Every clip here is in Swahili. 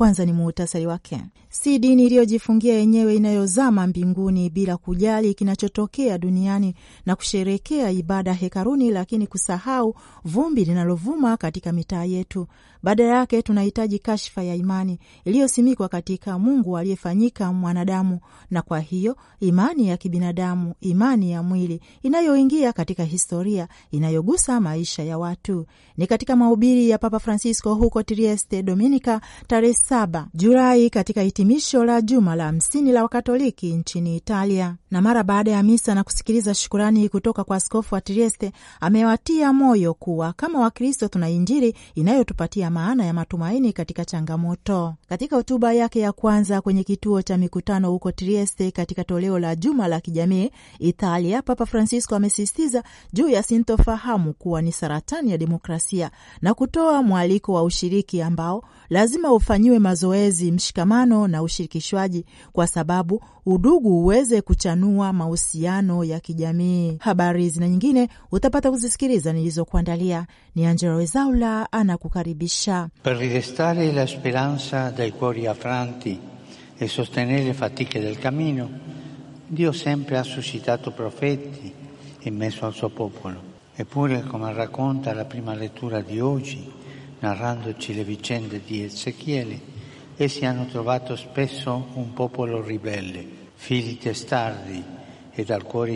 kwanza ni muhutasari wake. Si dini iliyojifungia yenyewe inayozama mbinguni bila kujali kinachotokea duniani na kusherekea ibada hekaruni, lakini kusahau vumbi linalovuma katika mitaa yetu. Badala yake tunahitaji kashfa ya imani iliyosimikwa katika Mungu aliyefanyika mwanadamu, na kwa hiyo imani ya kibinadamu, imani ya mwili inayoingia katika historia, inayogusa maisha ya watu. Ni katika mahubiri ya Papa Francisco huko Trieste Dominica tarehe saba Julai katika hitimisho la juma la hamsini la Wakatoliki nchini Italia. Na mara baada ya misa na kusikiliza shukurani kutoka kwa askofu wa Trieste, amewatia moyo kuwa kama Wakristo tuna Injili inayotupatia maana ya matumaini katika changamoto. Katika hotuba yake ya kwanza kwenye kituo cha mikutano huko Trieste katika toleo la juma la kijamii Italia, Papa Francisco amesisitiza juu ya sintofahamu kuwa ni saratani ya demokrasia na kutoa mwaliko wa ushiriki ambao lazima ufanyiwe yafanyiwe mazoezi mshikamano na ushirikishwaji, kwa sababu udugu uweze kuchanua mahusiano ya kijamii. Habari zina nyingine utapata kuzisikiliza nilizokuandalia. Ni Angela Wezaula anakukaribisha. per ridestare la speranza dai cuori afranti e sostenere le fatiche del cammino Dio sempre ha suscitato profeti in mezzo al suo popolo eppure come racconta la prima lettura di oggi narrandoci le vicende di Ezechiele, essi hanno trovato spesso un popolo ribelle, figli testardi e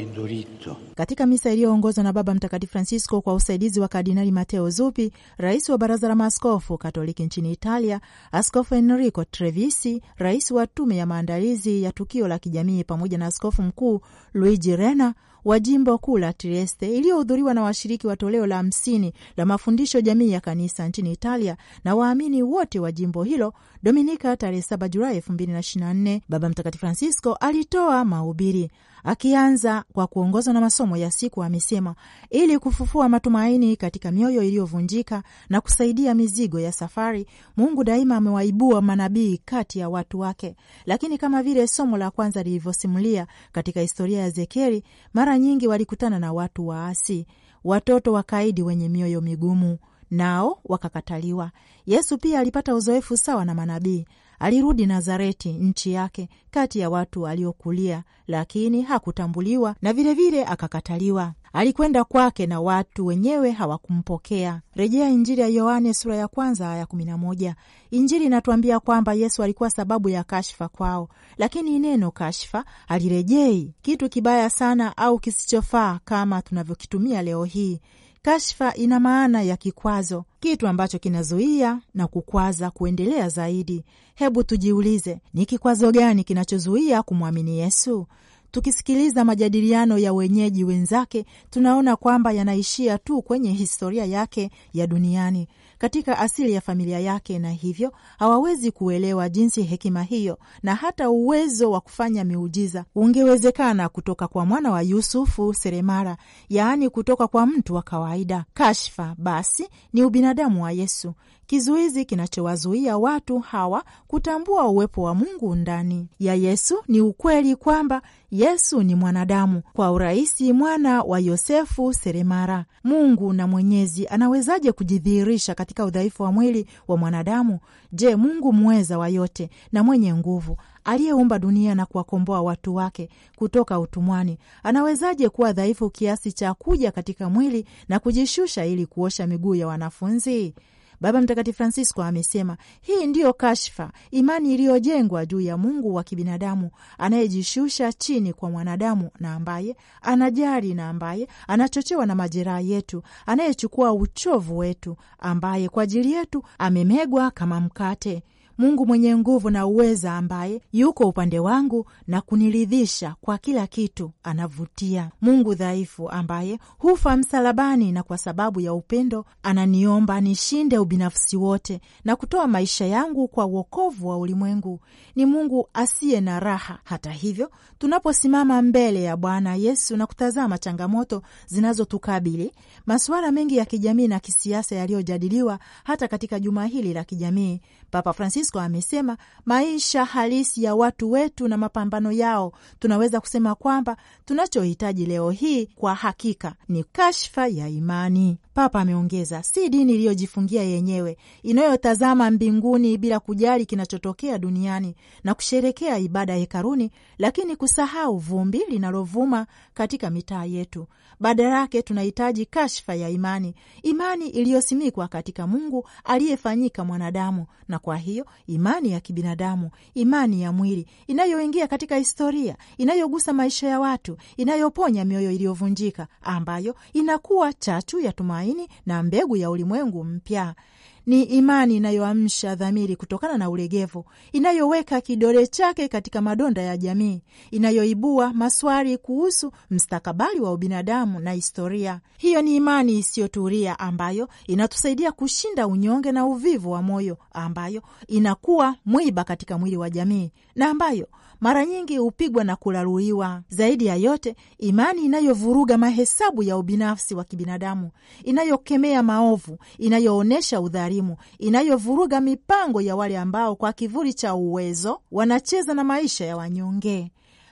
indurito. Katika misa iliyoongozwa na Baba Mtakatifu Francisco kwa usaidizi wa Kardinali Matteo Zuppi, rais wa Baraza la Maaskofu Katoliki nchini Italia, Askofu Enrico Trevisi, rais wa tume ya maandalizi ya tukio la kijamii, pamoja na askofu mkuu Luigi Rena wa jimbo kuu la Trieste iliyohudhuriwa na washiriki wa toleo la hamsini la mafundisho jamii ya kanisa nchini Italia na waamini wote wa jimbo hilo Dominika tarehe 7 Julai 2024 Baba Mtakatifu Francisco alitoa mahubiri akianza kwa kuongozwa na masomo ya siku, amesema ili kufufua matumaini katika mioyo iliyovunjika na kusaidia mizigo ya safari, Mungu daima amewaibua manabii kati ya watu wake. Lakini kama vile somo la kwanza lilivyosimulia katika historia ya Zekeri, mara nyingi walikutana na watu waasi, watoto wakaidi wenye mioyo migumu nao wakakataliwa. Yesu pia alipata uzoefu sawa na manabii. Alirudi Nazareti, nchi yake, kati ya watu aliokulia, lakini hakutambuliwa na vilevile vile akakataliwa. Alikwenda kwake na watu wenyewe hawakumpokea. Rejea Injili ya Yohane sura ya kwanza aya kumi na moja. Injili inatuambia kwamba Yesu alikuwa sababu ya kashfa kwao, lakini neno kashfa alirejei kitu kibaya sana au kisichofaa kama tunavyokitumia leo hii. Kashfa ina maana ya kikwazo, kitu ambacho kinazuia na kukwaza kuendelea zaidi. Hebu tujiulize, ni kikwazo gani kinachozuia kumwamini Yesu? Tukisikiliza majadiliano ya wenyeji wenzake, tunaona kwamba yanaishia tu kwenye historia yake ya duniani, katika asili ya familia yake, na hivyo hawawezi kuelewa jinsi hekima hiyo na hata uwezo wa kufanya miujiza ungewezekana kutoka kwa mwana wa Yusufu seremara yaani kutoka kwa mtu wa kawaida. Kashfa basi ni ubinadamu wa Yesu, kizuizi kinachowazuia watu hawa kutambua uwepo wa Mungu ndani ya Yesu. Ni ukweli kwamba Yesu ni mwanadamu kwa urahisi, mwana wa Yosefu seremara. Mungu na Mwenyezi anawezaje kujidhihirisha katika udhaifu wa mwili wa mwanadamu, je, Mungu mweza wa yote na mwenye nguvu aliyeumba dunia na kuwakomboa watu wake kutoka utumwani anawezaje kuwa dhaifu kiasi cha kuja katika mwili na kujishusha ili kuosha miguu ya wanafunzi? Baba Mtakatifu Francisco amesema hii ndiyo kashfa, imani iliyojengwa juu ya Mungu wa kibinadamu anayejishusha chini kwa mwanadamu na ambaye anajali na ambaye anachochewa na majeraha yetu, anayechukua uchovu wetu, ambaye kwa ajili yetu amemegwa kama mkate. Mungu mwenye nguvu na uweza, ambaye yuko upande wangu na kuniridhisha kwa kila kitu, anavutia. Mungu dhaifu, ambaye hufa msalabani, na kwa sababu ya upendo ananiomba nishinde ubinafsi wote na kutoa maisha yangu kwa uokovu wa ulimwengu. Ni Mungu asiye na raha. Hata hivyo, tunaposimama mbele ya Bwana Yesu na kutazama changamoto zinazotukabili, masuala mengi ya kijamii na kisiasa yaliyojadiliwa hata katika juma hili la kijamii Papa Francisco amesema maisha halisi ya watu wetu na mapambano yao, tunaweza kusema kwamba tunachohitaji leo hii kwa hakika ni kashfa ya imani. Papa ameongeza, si dini iliyojifungia yenyewe inayotazama mbinguni bila kujali kinachotokea duniani na kusherekea ibada hekaruni, lakini kusahau vumbi linalovuma katika mitaa yetu. Badala yake, tunahitaji kashfa ya imani, imani iliyosimikwa katika Mungu aliyefanyika mwanadamu, na kwa hiyo imani ya kibinadamu, imani ya mwili inayoingia katika historia, inayogusa maisha ya watu, inayoponya mioyo iliyovunjika, ambayo inakuwa chachu ya tumaini tumaini na mbegu ya ulimwengu mpya ni imani inayoamsha dhamiri kutokana na ulegevu, inayoweka kidole chake katika madonda ya jamii, inayoibua maswali kuhusu mstakabali wa ubinadamu na historia. Hiyo ni imani isiyotulia ambayo inatusaidia kushinda unyonge na uvivu wa moyo, ambayo inakuwa mwiba katika mwili wa jamii na ambayo mara nyingi hupigwa na kulaluliwa. Zaidi ya yote, imani inayovuruga mahesabu ya ubinafsi wa kibinadamu, inayokemea maovu, inayoonyesha udhari ukarimu inayovuruga mipango ya wale ambao kwa kivuli cha uwezo wanacheza na maisha ya wanyonge.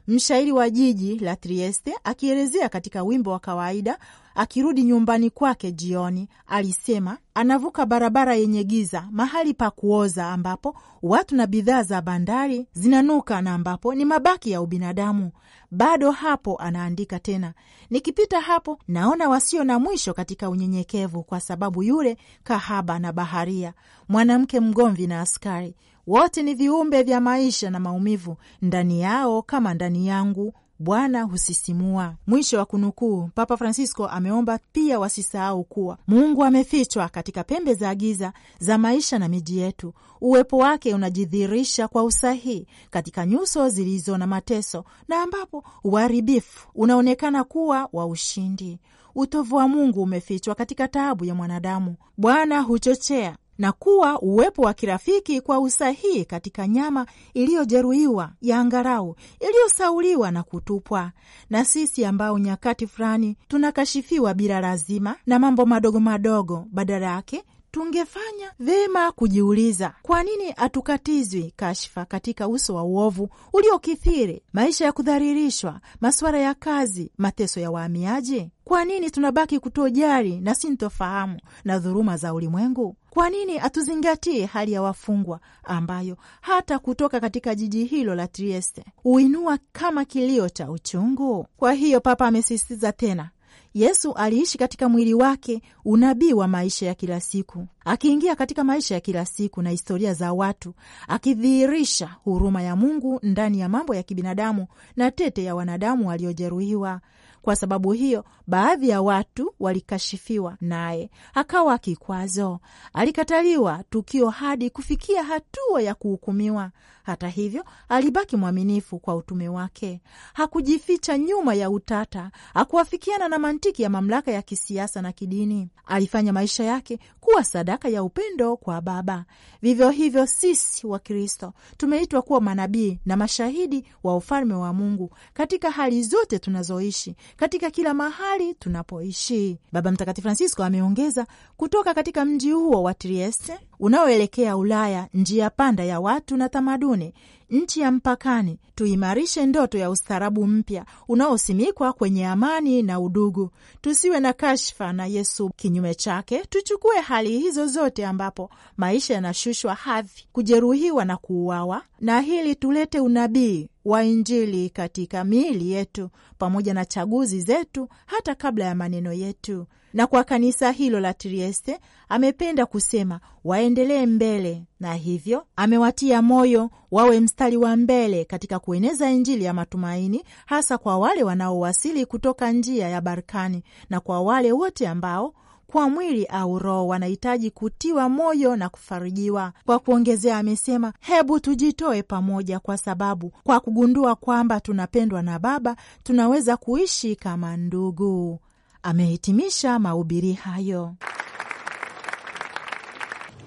Mshairi wa jiji la Trieste akielezea katika wimbo wa kawaida akirudi nyumbani kwake jioni, alisema anavuka barabara yenye giza, mahali pa kuoza, ambapo watu na bidhaa za bandari zinanuka na ambapo ni mabaki ya ubinadamu. Bado hapo, anaandika tena, nikipita hapo naona wasio na mwisho katika unyenyekevu, kwa sababu yule kahaba na baharia, mwanamke mgomvi na askari wote ni viumbe vya maisha na maumivu ndani yao kama ndani yangu Bwana husisimua. Mwisho wa kunukuu. Papa Francisco ameomba pia wasisahau kuwa Mungu amefichwa katika pembe za giza za maisha na miji yetu. Uwepo wake unajidhihirisha kwa usahihi katika nyuso zilizo na mateso na ambapo uharibifu unaonekana kuwa wa ushindi. Utovu wa Mungu umefichwa katika taabu ya mwanadamu. Bwana huchochea na kuwa uwepo wa kirafiki kwa usahihi katika nyama iliyojeruhiwa ya angarau iliyosauliwa na kutupwa, na sisi ambao nyakati fulani tunakashifiwa bila lazima na mambo madogo madogo, badala yake tungefanya vema kujiuliza kwa nini hatukatizwi kashfa katika uso wa uovu uliokithiri, maisha ya kudhalilishwa, masuala ya kazi, mateso ya wahamiaji. Kwa nini tunabaki kutojali na sintofahamu na dhuruma za ulimwengu? Kwa nini hatuzingatie hali ya wafungwa ambayo hata kutoka katika jiji hilo la Trieste huinua kama kilio cha uchungu? Kwa hiyo Papa amesisitiza tena, Yesu aliishi katika mwili wake unabii wa maisha ya kila siku, akiingia katika maisha ya kila siku na historia za watu, akidhihirisha huruma ya Mungu ndani ya mambo ya kibinadamu na tete ya wanadamu waliojeruhiwa. Kwa sababu hiyo, baadhi ya watu walikashifiwa naye akawa kikwazo. Alikataliwa tukio hadi kufikia hatua ya kuhukumiwa. Hata hivyo, alibaki mwaminifu kwa utume wake. Hakujificha nyuma ya utata, hakuafikiana na mantiki ya mamlaka ya kisiasa na kidini. Alifanya maisha yake kuwa sadaka ya upendo kwa Baba. Vivyo hivyo, sisi wa Kristo tumeitwa kuwa manabii na mashahidi wa ufalme wa Mungu katika hali zote tunazoishi, katika kila mahali tunapoishi. Baba Mtakatifu Francisco ameongeza, kutoka katika mji huo wa Trieste unaoelekea Ulaya, njia panda ya watu na tamaduni nchi ya mpakani, tuimarishe ndoto ya ustaarabu mpya unaosimikwa kwenye amani na udugu. Tusiwe na kashfa na Yesu, kinyume chake tuchukue hali hizo zote ambapo maisha yanashushwa hadhi, kujeruhiwa na kuuawa, na hili tulete unabii wa Injili katika miili yetu pamoja na chaguzi zetu hata kabla ya maneno yetu na kwa kanisa hilo la Trieste amependa kusema waendelee mbele, na hivyo amewatia moyo wawe mstari wa mbele katika kueneza Injili ya matumaini, hasa kwa wale wanaowasili kutoka njia ya Balkani na kwa wale wote ambao kwa mwili au roho wanahitaji kutiwa moyo na kufarijiwa. Kwa kuongezea, amesema hebu tujitoe pamoja, kwa sababu kwa kugundua kwamba tunapendwa na Baba tunaweza kuishi kama ndugu. amehitimisha mahubiri hayo.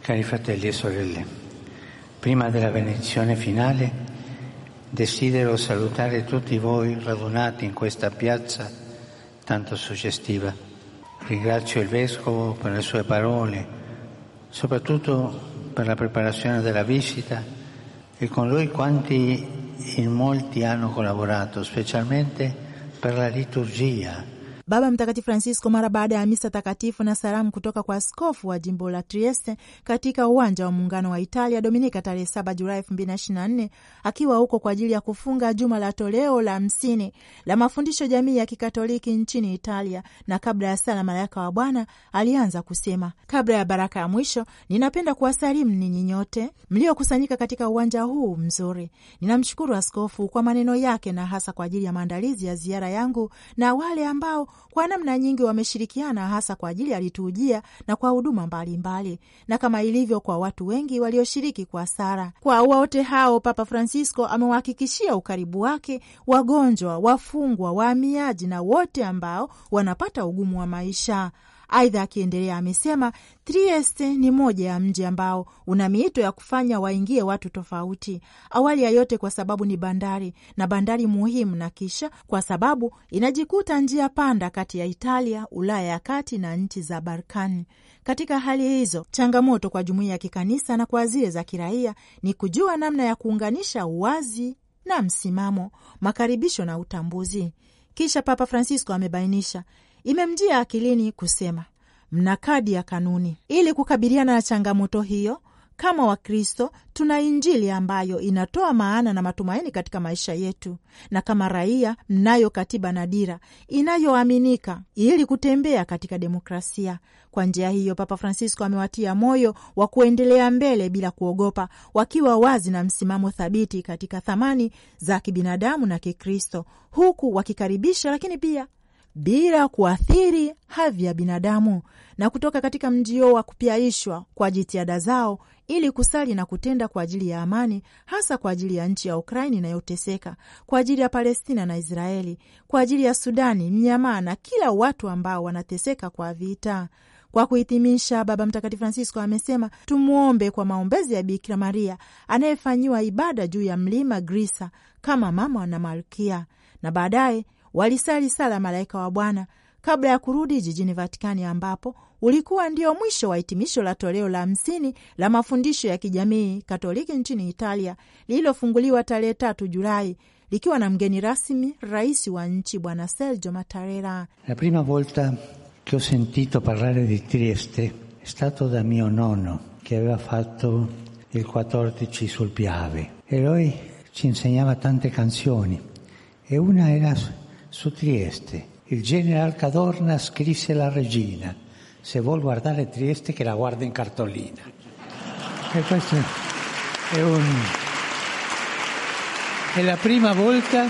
Cari fratelli e sorelle, prima della benedizione finale desidero salutare tutti voi radunati in questa piazza tanto suggestiva. Ringrazio il Vescovo per le sue parole, soprattutto per la preparazione della visita e con lui quanti in molti hanno collaborato, specialmente per la liturgia Baba Mtakatifu Francisco, mara baada ya misa takatifu na salamu kutoka kwa askofu wa jimbo la Trieste katika uwanja wa muungano wa Italia Dominika tarehe 7 Julai 2024, akiwa huko kwa ajili ya kufunga juma la toleo la hamsini la mafundisho jamii ya Kikatoliki nchini Italia, na kabla ya sala malaika wa Bwana alianza kusema: kabla ya baraka ya mwisho, ninapenda kuwasalimu ninyi nyote mliokusanyika katika uwanja huu mzuri. Ninamshukuru askofu kwa maneno yake na hasa kwa ajili ya maandalizi ya ziara yangu na wale ambao kwa namna nyingi wameshirikiana hasa kwa ajili ya liturujia na kwa huduma mbalimbali, na kama ilivyo kwa watu wengi walioshiriki kwa sara. Kwa wote hao, Papa Francisco amewahakikishia ukaribu wake wagonjwa, wafungwa, wahamiaji na wote ambao wanapata ugumu wa maisha. Aidha, akiendelea amesema Trieste ni moja ya mji ambao una miito ya kufanya waingie watu tofauti, awali ya yote kwa sababu ni bandari na bandari muhimu, na kisha kwa sababu inajikuta njia panda kati ya Italia, Ulaya ya kati na nchi za Balkani. Katika hali hizo, changamoto kwa jumuiya ya kikanisa na kwa zile za kiraia ni kujua namna ya kuunganisha uwazi na msimamo, makaribisho na utambuzi. Kisha Papa Francisco amebainisha imemjia akilini kusema mna kadi ya kanuni. Ili kukabiliana na changamoto hiyo, kama Wakristo tuna Injili ambayo inatoa maana na matumaini katika maisha yetu, na kama raia mnayo katiba na dira inayoaminika ili kutembea katika demokrasia. Kwa njia hiyo, Papa Francisco amewatia moyo wa kuendelea mbele bila kuogopa, wakiwa wazi na msimamo thabiti katika thamani za kibinadamu na Kikristo, huku wakikaribisha lakini pia bila kuathiri hadhi ya binadamu na kutoka katika mjio wa kupyaishwa kwa jitihada zao ili kusali na kutenda kwa ajili ya amani, hasa kwa ajili ya nchi ya Ukraini inayoteseka, kwa ajili ya Palestina na Israeli, kwa ajili ya Sudani, Mnyamaa na kila watu ambao wanateseka kwa vita. Kwa kuhitimisha, Baba Mtakatifu Francisco amesema tumwombe kwa maombezi ya Bikira Maria anayefanyiwa ibada juu ya mlima Grisa kama mama na malkia, na baadaye walisali sala malaika wa Bwana kabla ya kurudi jijini Vatikani, ambapo ulikuwa ndio mwisho wa hitimisho la toleo la hamsini la mafundisho ya kijamii Katoliki nchini Italia lililofunguliwa tarehe tatu Julai likiwa na mgeni rasmi rais wa nchi Bwana Sergio Mattarella. La prima volta che ho sentito parlare di Trieste è stato da mio nonno che aveva fatto il 14 sul Piave e lui ci insegnava tante canzoni e una era su Trieste. Il general Cadorna scrisse alla regina, se vuol guardare Trieste che la guarda in cartolina. E questo è un... È la prima volta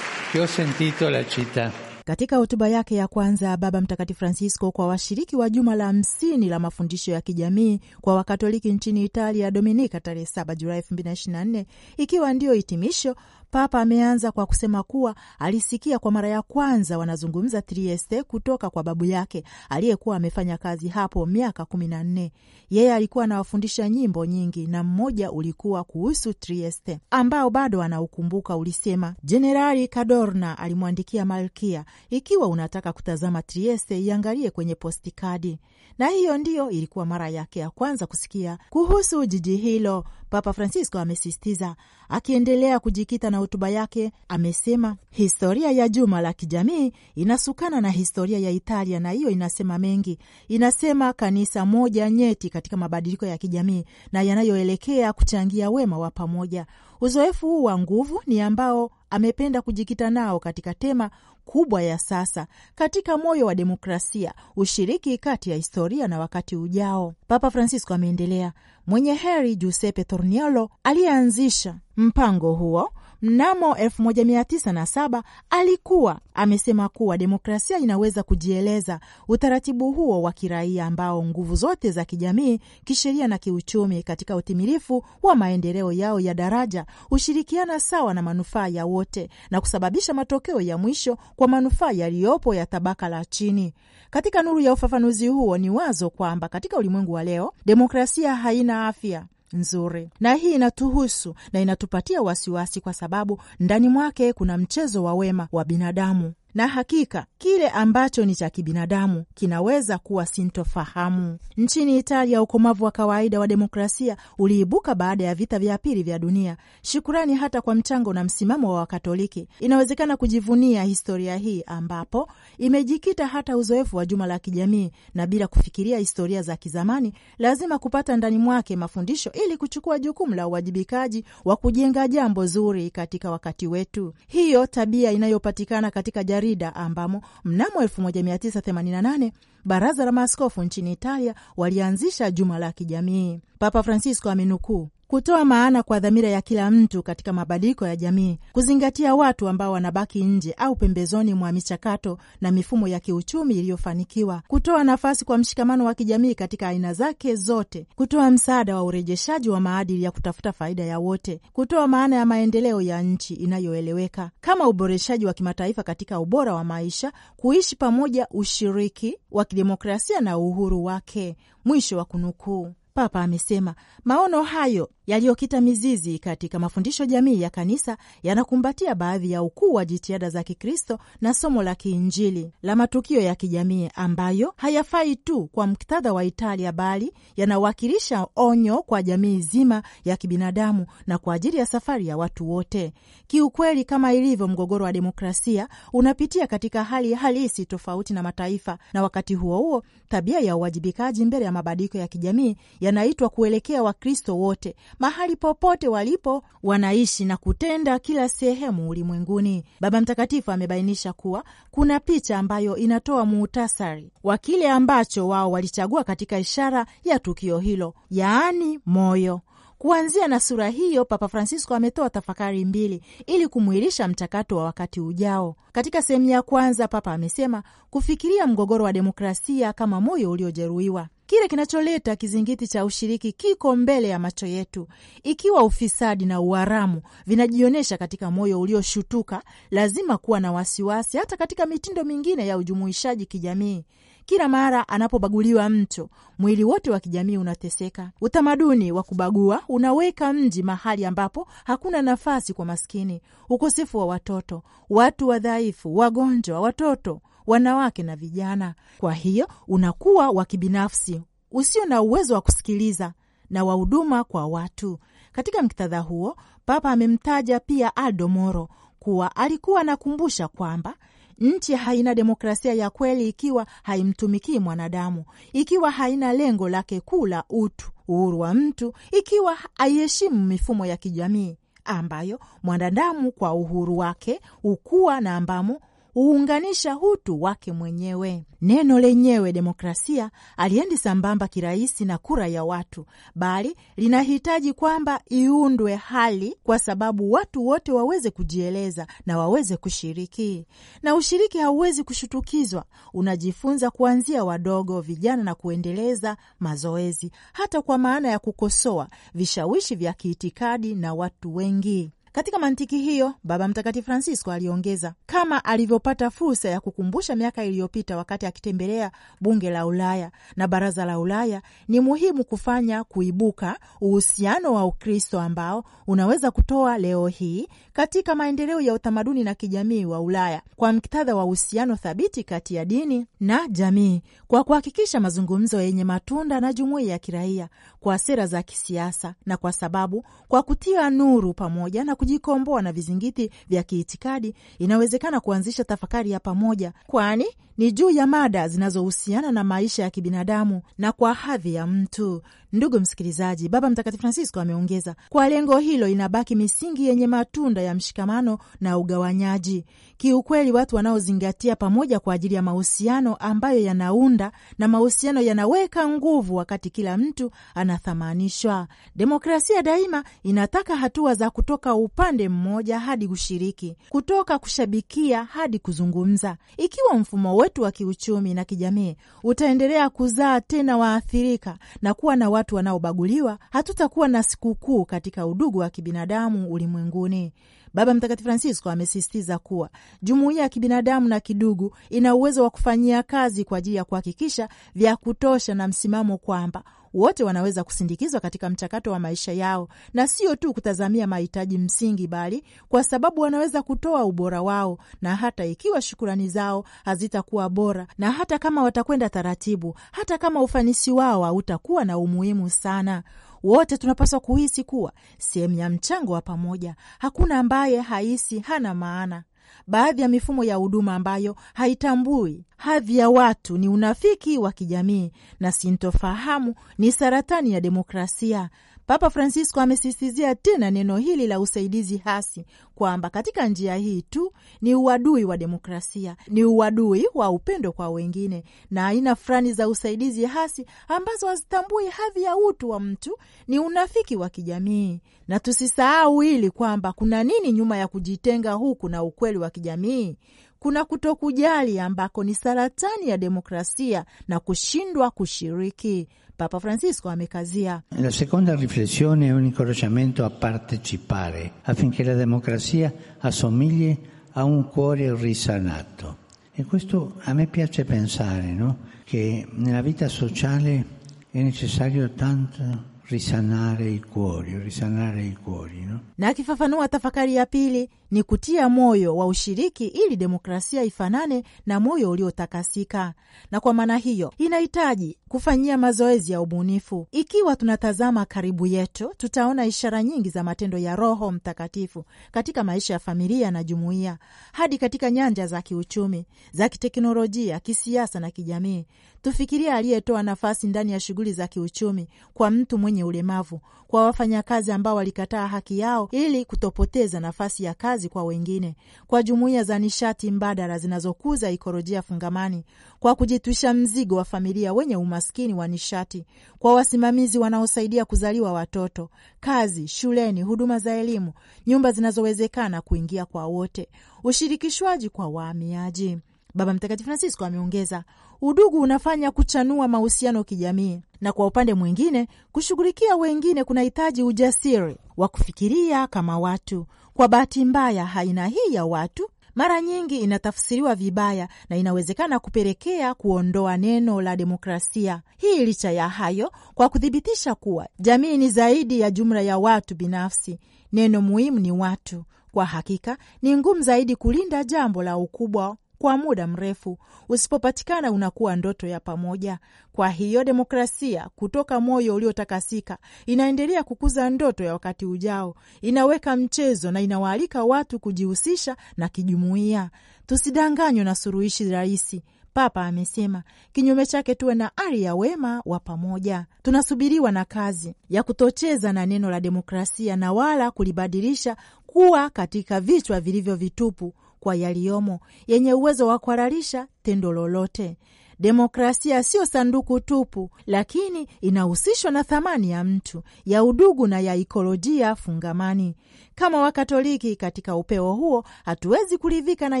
che ho sentito la città. Katika hotuba yake ya kwanza Baba Mtakatifu Francisco kwa washiriki wa juma la hamsini la mafundisho ya kijamii kwa Wakatoliki nchini Italia Dominika tarehe 7 Julai 2024 ikiwa ndiyo hitimisho, Papa ameanza kwa kusema kuwa alisikia kwa mara ya kwanza wanazungumza Trieste kutoka kwa babu yake aliyekuwa amefanya kazi hapo miaka kumi na nne. Yeye alikuwa anawafundisha nyimbo nyingi na mmoja ulikuwa kuhusu Trieste ambao bado anaukumbuka ulisema. Jenerali Cadorna alimwandikia malkia ikiwa unataka kutazama Trieste, iangalie kwenye postikadi. Na hiyo ndiyo ilikuwa mara yake ya kwanza kusikia kuhusu jiji hilo Papa Francisco amesisitiza. Akiendelea kujikita na hotuba yake, amesema historia ya juma la kijamii inasukana na historia ya Italia, na hiyo inasema mengi. Inasema kanisa moja nyeti katika mabadiliko ya kijamii na yanayoelekea kuchangia wema wa pamoja. Uzoefu huu wa nguvu ni ambao amependa kujikita nao katika tema kubwa ya sasa katika moyo wa demokrasia, ushiriki kati ya historia na wakati ujao. Papa Francisco ameendelea mwenye heri Giuseppe Torniolo aliyeanzisha mpango huo mnamo 1907 alikuwa amesema kuwa demokrasia inaweza kujieleza utaratibu huo wa kiraia ambao nguvu zote za kijamii, kisheria na kiuchumi katika utimilifu wa maendeleo yao ya daraja hushirikiana sawa na manufaa ya wote na kusababisha matokeo ya mwisho kwa manufaa yaliyopo ya tabaka la chini. Katika nuru ya ufafanuzi huo, ni wazo kwamba katika ulimwengu wa leo demokrasia haina afya nzuri, na hii inatuhusu na inatupatia wasiwasi, kwa sababu ndani mwake kuna mchezo wa wema wa binadamu na hakika kile ambacho ni cha kibinadamu kinaweza kuwa sintofahamu. Nchini Italia, ukomavu wa kawaida wa demokrasia uliibuka baada ya vita vya pili vya dunia. Shukurani hata kwa mchango na msimamo wa Wakatoliki, inawezekana kujivunia historia hii ambapo imejikita hata uzoefu wa juma la kijamii, na bila kufikiria historia za kizamani, lazima kupata ndani mwake mafundisho ili kuchukua jukumu la uwajibikaji wa kujenga jambo zuri katika wakati wetu. Hiyo tabia inayopatikana katika jarida ambamo mnamo 1988 baraza la maaskofu nchini Italia walianzisha juma la kijamii. Papa Francisco amenukuu kutoa maana kwa dhamira ya kila mtu katika mabadiliko ya jamii, kuzingatia watu ambao wanabaki nje au pembezoni mwa michakato na mifumo ya kiuchumi iliyofanikiwa, kutoa nafasi kwa mshikamano wa kijamii katika aina zake zote, kutoa msaada wa urejeshaji wa maadili ya kutafuta faida ya wote, kutoa maana ya maendeleo ya nchi inayoeleweka kama uboreshaji wa kimataifa katika ubora wa maisha, kuishi pamoja, ushiriki wa kidemokrasia na uhuru wake. Mwisho wa kunukuu. Papa amesema maono hayo yaliyokita mizizi katika mafundisho jamii ya kanisa yanakumbatia baadhi ya ukuu wa jitihada za Kikristo na somo la kiinjili la matukio ya kijamii ambayo hayafai tu kwa muktadha wa Italia bali yanawakilisha onyo kwa jamii zima ya kibinadamu na kwa ajili ya safari ya watu wote. Kiukweli, kama ilivyo, mgogoro wa demokrasia unapitia katika hali halisi tofauti na mataifa, na wakati huo huo tabia ya uwajibikaji mbele ya mabadiliko ya kijamii yanaitwa kuelekea Wakristo wote mahali popote walipo wanaishi na kutenda kila sehemu ulimwenguni. Baba Mtakatifu amebainisha kuwa kuna picha ambayo inatoa muhtasari wa kile ambacho wao walichagua katika ishara ya tukio hilo, yaani moyo. Kuanzia na sura hiyo, Papa Francisco ametoa tafakari mbili ili kumwilisha mchakato wa wakati ujao. Katika sehemu ya kwanza, Papa amesema kufikiria mgogoro wa demokrasia kama moyo uliojeruhiwa Kile kinacholeta kizingiti cha ushiriki kiko mbele ya macho yetu. Ikiwa ufisadi na uharamu vinajionyesha katika moyo ulioshutuka, lazima kuwa na wasiwasi hata katika mitindo mingine ya ujumuishaji kijamii. Kila mara anapobaguliwa mtu, mwili wote wa kijamii unateseka. Utamaduni wa kubagua unaweka mji mahali ambapo hakuna nafasi kwa maskini, ukosefu wa watoto, watu wadhaifu, wagonjwa, watoto wanawake na vijana. Kwa hiyo unakuwa wa kibinafsi, usio na uwezo wa kusikiliza na wa huduma kwa watu. Katika muktadha huo, Papa amemtaja pia Aldo Moro kuwa alikuwa anakumbusha kwamba nchi haina demokrasia ya kweli ikiwa haimtumikii mwanadamu, ikiwa haina lengo lake kuu la utu, uhuru wa mtu, ikiwa haiheshimu mifumo ya kijamii ambayo mwanadamu kwa uhuru wake hukuwa na ambamo huunganisha utu wake mwenyewe. Neno lenyewe demokrasia aliendi sambamba kirahisi na kura ya watu, bali linahitaji kwamba iundwe hali kwa sababu watu wote waweze kujieleza na waweze kushiriki. Na ushiriki hauwezi kushutukizwa, unajifunza kuanzia wadogo, vijana, na kuendeleza mazoezi, hata kwa maana ya kukosoa vishawishi vya kiitikadi na watu wengi. Katika mantiki hiyo, Baba Mtakatifu Francisco aliongeza kama alivyopata fursa ya kukumbusha miaka iliyopita wakati akitembelea bunge la Ulaya na baraza la Ulaya, ni muhimu kufanya kuibuka uhusiano wa Ukristo ambao unaweza kutoa leo hii katika maendeleo ya utamaduni na kijamii wa Ulaya kwa muktadha wa uhusiano thabiti kati ya dini na jamii, kwa kuhakikisha mazungumzo yenye matunda na jumuiya ya kiraia, kwa sera za kisiasa na kwa sababu, kwa kutia nuru pamoja na kujikomboa na vizingiti vya kiitikadi, inawezekana kuanzisha tafakari ya pamoja, kwani ni juu ya mada zinazohusiana na maisha ya kibinadamu na kwa hadhi ya mtu Ndugu msikilizaji, Baba Mtakatifu Francisco ameongeza, kwa lengo hilo inabaki misingi yenye matunda ya mshikamano na ugawanyaji. Kiukweli, watu wanaozingatia pamoja kwa ajili ya mahusiano ambayo yanaunda na mahusiano yanaweka nguvu, wakati kila mtu anathamanishwa. Demokrasia daima inataka hatua za kutoka upande mmoja hadi kushiriki, kutoka kushabikia hadi kuzungumza. Ikiwa mfumo wetu wa kiuchumi na kijamii utaendelea kuzaa tena waathirika na kuwa na watu wanaobaguliwa, hatutakuwa na sikukuu katika udugu wa kibinadamu ulimwenguni. Baba Mtakatifu Francisco amesisitiza kuwa jumuiya ya kibinadamu na kidugu ina uwezo wa kufanyia kazi kwa ajili ya kuhakikisha vya kutosha na msimamo kwamba wote wanaweza kusindikizwa katika mchakato wa maisha yao, na sio tu kutazamia mahitaji msingi, bali kwa sababu wanaweza kutoa ubora wao, na hata ikiwa shukurani zao hazitakuwa bora, na hata kama watakwenda taratibu, hata kama ufanisi wao hautakuwa na umuhimu sana wote tunapaswa kuhisi kuwa sehemu ya mchango wa pamoja. Hakuna ambaye hahisi hana maana. Baadhi ya mifumo ya huduma ambayo haitambui hadhi ya watu ni unafiki wa kijamii na sintofahamu ni saratani ya demokrasia. Papa Francisco amesisitiza tena neno hili la usaidizi hasi kwamba katika njia hii tu ni uadui wa demokrasia, ni uadui wa upendo kwa wengine, na aina fulani za usaidizi hasi ambazo hazitambui hadhi ya utu wa mtu ni unafiki wa kijamii. Na tusisahau hili kwamba kuna nini nyuma ya kujitenga huku na ukweli wa kijamii? Kuna kutokujali ambako ni saratani ya demokrasia na kushindwa kushiriki. Papa Francesco amekazia. La seconda riflessione è un incoraggiamento a partecipare affinché la democrazia assomigli a un cuore risanato. E questo a me piace pensare, no? che nella vita sociale è necessario tanto risanare il cuore, risanare il cuore no? Na akifafanua tafakari ya pili ni kutia moyo wa ushiriki ili demokrasia ifanane na moyo uliotakasika, na kwa maana hiyo inahitaji kufanyia mazoezi ya ubunifu. Ikiwa tunatazama karibu yetu, tutaona ishara nyingi za matendo ya Roho Mtakatifu katika maisha ya familia na jumuiya, hadi katika nyanja za kiuchumi, za kiteknolojia, kisiasa na kijamii. Tufikirie aliyetoa nafasi ndani ya shughuli za kiuchumi kwa mtu mwenye ulemavu, kwa wafanyakazi ambao walikataa haki yao ili kutopoteza nafasi ya kazi kwa wengine, kwa jumuiya za nishati mbadala zinazokuza ikolojia fungamani, kwa kujitwisha mzigo wa familia wenye umaskini wa nishati, kwa wasimamizi wanaosaidia kuzaliwa watoto, kazi shuleni, huduma za elimu, nyumba zinazowezekana kuingia kwa wote, ushirikishwaji kwa wahamiaji. Baba Mtakatifu Francisco ameongeza, udugu unafanya kuchanua mahusiano kijamii, na kwa upande mwingine kushughulikia wengine kunahitaji ujasiri wa kufikiria kama watu. Kwa bahati mbaya, aina hii ya watu mara nyingi inatafsiriwa vibaya na inawezekana kupelekea kuondoa neno la demokrasia hii. Licha ya hayo, kwa kuthibitisha kuwa jamii ni zaidi ya jumla ya watu binafsi, neno muhimu ni watu. Kwa hakika ni ngumu zaidi kulinda jambo la ukubwa kwa muda mrefu. Usipopatikana unakuwa ndoto ya pamoja. Kwa hiyo demokrasia kutoka moyo uliotakasika inaendelea kukuza ndoto ya wakati ujao, inaweka mchezo na inawaalika watu kujihusisha na kijumuiya. Tusidanganywe na suruhishi rahisi. Papa amesema kinyume chake, tuwe na ari ya wema wa pamoja. Tunasubiriwa na kazi ya kutocheza na neno la demokrasia na wala kulibadilisha kuwa katika vichwa vilivyo vitupu kwa yaliyomo, yenye uwezo wa kuhalalisha tendo lolote. Demokrasia siyo sanduku tupu, lakini inahusishwa na thamani ya mtu ya udugu na ya ikolojia fungamani. Kama Wakatoliki, katika upeo huo hatuwezi kuridhika na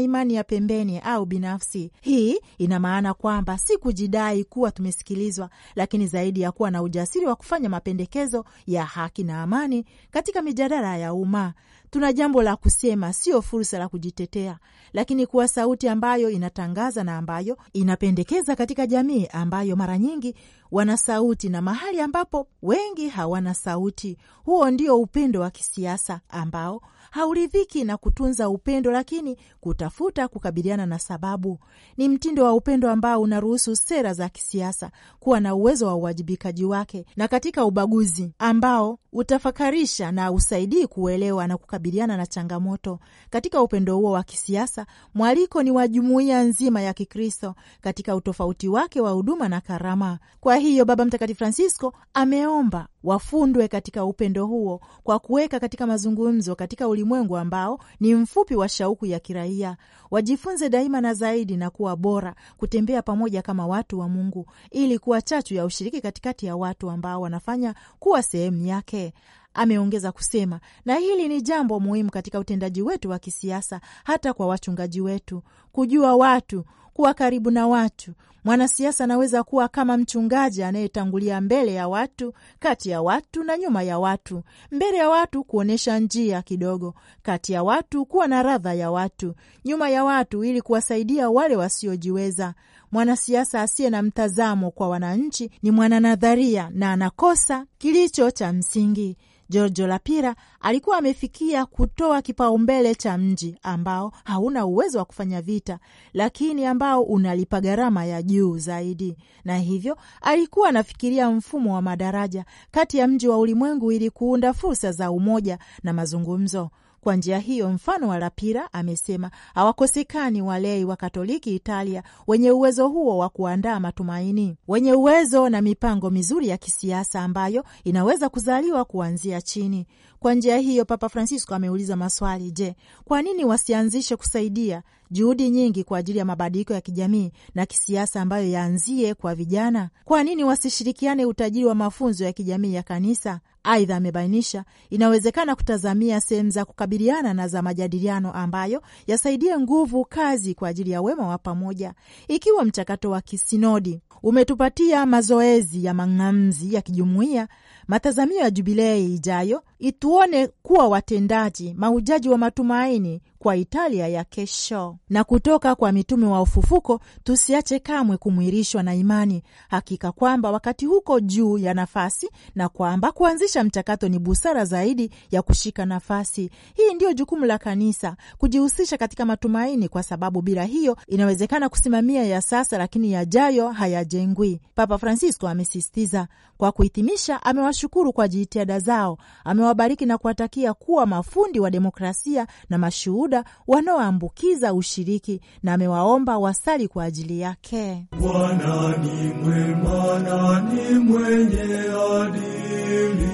imani ya pembeni au binafsi. Hii ina maana kwamba si kujidai kuwa tumesikilizwa, lakini zaidi ya kuwa na ujasiri wa kufanya mapendekezo ya haki na amani katika mijadala ya umma. Tuna jambo la kusema, sio fursa la kujitetea, lakini kuwa sauti ambayo inatangaza na ambayo inapendekeza katika jamii ambayo mara nyingi wana sauti na mahali ambapo wengi hawana sauti. Huo ndio upendo wa kisiasa ambao hauridhiki na kutunza upendo, lakini kutafuta kukabiliana na sababu. Ni mtindo wa upendo ambao unaruhusu sera za kisiasa kuwa na uwezo wa uwajibikaji wake na katika ubaguzi ambao utafakarisha na usaidii kuelewa na kukabiliana na changamoto. Katika upendo huo wa kisiasa, mwaliko ni wa jumuiya nzima ya Kikristo katika utofauti wake wa huduma na karama. Kwa hiyo Baba Mtakatifu Francisco ameomba wafundwe katika upendo huo kwa kuweka katika mazungumzo katika ulimwengu ambao ni mfupi wa shauku ya kiraia, wajifunze daima na zaidi na kuwa bora kutembea pamoja kama watu wa Mungu, ili kuwa chachu ya ushiriki katikati ya watu ambao wanafanya kuwa sehemu yake. Ameongeza kusema, na hili ni jambo muhimu katika utendaji wetu wa kisiasa, hata kwa wachungaji wetu, kujua watu kuwa karibu na watu. Mwanasiasa anaweza kuwa kama mchungaji anayetangulia mbele ya watu, kati ya watu na nyuma ya watu, mbele ya watu kuonyesha njia kidogo, kati ya watu kuwa na radha ya watu, nyuma ya watu ili kuwasaidia wale wasiojiweza. Mwanasiasa asiye na mtazamo kwa wananchi ni mwananadharia na anakosa kilicho cha msingi. Giorgio Lapira alikuwa amefikia kutoa kipaumbele cha mji ambao hauna uwezo wa kufanya vita, lakini ambao unalipa gharama ya juu zaidi, na hivyo alikuwa anafikiria mfumo wa madaraja kati ya mji wa ulimwengu ili kuunda fursa za umoja na mazungumzo. Kwa njia hiyo, mfano wa rapira amesema hawakosekani walei wa Katoliki Italia wenye uwezo huo wa kuandaa matumaini, wenye uwezo na mipango mizuri ya kisiasa ambayo inaweza kuzaliwa kuanzia chini. Kwa njia hiyo, Papa Francisco ameuliza maswali: Je, kwa nini wasianzishe kusaidia juhudi nyingi kwa ajili ya mabadiliko ya kijamii na kisiasa ambayo yaanzie kwa vijana? Kwa nini wasishirikiane utajiri wa mafunzo ya kijamii ya kanisa Aidha, amebainisha inawezekana kutazamia sehemu za kukabiliana na za majadiliano ambayo yasaidie nguvu kazi kwa ajili ya wema wa pamoja, ikiwa mchakato wa kisinodi umetupatia mazoezi ya mang'amzi ya kijumuiya Matazamio ya jubilei ijayo ituone kuwa watendaji maujaji wa matumaini kwa Italia ya kesho. Na kutoka kwa mitume wa ufufuko, tusiache kamwe kumwirishwa na imani, hakika kwamba wakati huko juu ya nafasi na kwamba kuanzisha mchakato ni busara zaidi ya kushika nafasi. Hii ndiyo jukumu la kanisa, kujihusisha katika matumaini, kwa sababu bila hiyo inawezekana kusimamia ya sasa, lakini yajayo hayajengwi. Papa Francisco amesisitiza. Kwa kuhitimisha, amewa anashukuru kwa jitihada zao. Amewabariki na kuwatakia kuwa mafundi wa demokrasia na mashuhuda wanaoambukiza ushiriki, na amewaomba wasali kwa ajili yake. Bwana ni mwema na ni mwenye adili,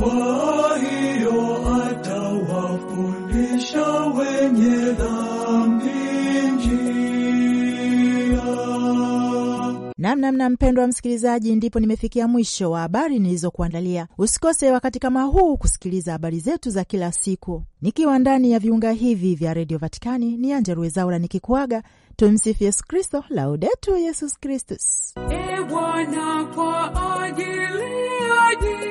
kwa hiyo atawafundisha wenye dhambi. Namnamna mpendwa msikilizaji, ndipo nimefikia mwisho wa habari nilizokuandalia. Usikose wakati kama huu kusikiliza habari zetu za kila siku, nikiwa ndani ya viunga hivi vya redio Vatikani. Ni Anja Ruwezaula nikikuaga. Tumsifu Yesu Kristo, laudetu Yesus Kristus. E Bwana, kwa ajili